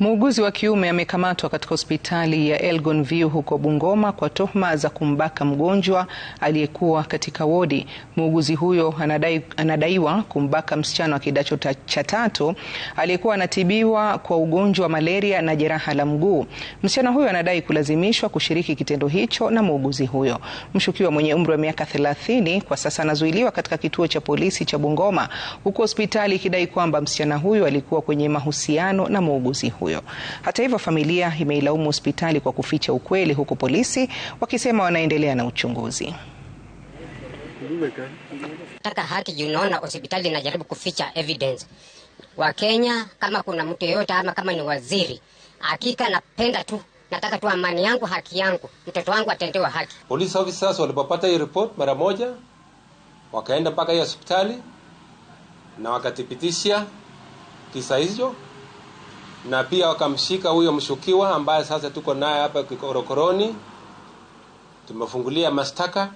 Muuguzi wa kiume amekamatwa katika hospitali ya Elgon View huko Bungoma kwa tuhuma za kumbaka mgonjwa aliyekuwa katika wodi. Muuguzi huyo anadai, anadaiwa kumbaka msichana wa kidato cha tatu aliyekuwa anatibiwa kwa ugonjwa wa malaria na jeraha la mguu. Msichana huyo anadai kulazimishwa kushiriki kitendo hicho na muuguzi huyo. Mshukiwa mwenye umri wa miaka 30 kwa sasa anazuiliwa katika kituo cha polisi cha Bungoma, huku hospitali ikidai kwamba msichana huyo alikuwa kwenye mahusiano na muuguzi huyo huyo. Hata hivyo, familia imeilaumu hospitali kwa kuficha ukweli, huku polisi wakisema wanaendelea na uchunguzi. Taka haki juu, unaona hospitali inajaribu kuficha evidence. Wakenya, kama kuna mtu yeyote ama kama ni waziri, hakika napenda tu nataka tu amani yangu, haki yangu, mtoto wangu atendewa haki. Police officers walipopata hii report mara moja wakaenda mpaka hiyo hospitali na wakathibitisha kisa hicho na pia wakamshika huyo mshukiwa ambaye sasa tuko naye hapa kikorokoroni, tumefungulia mashtaka.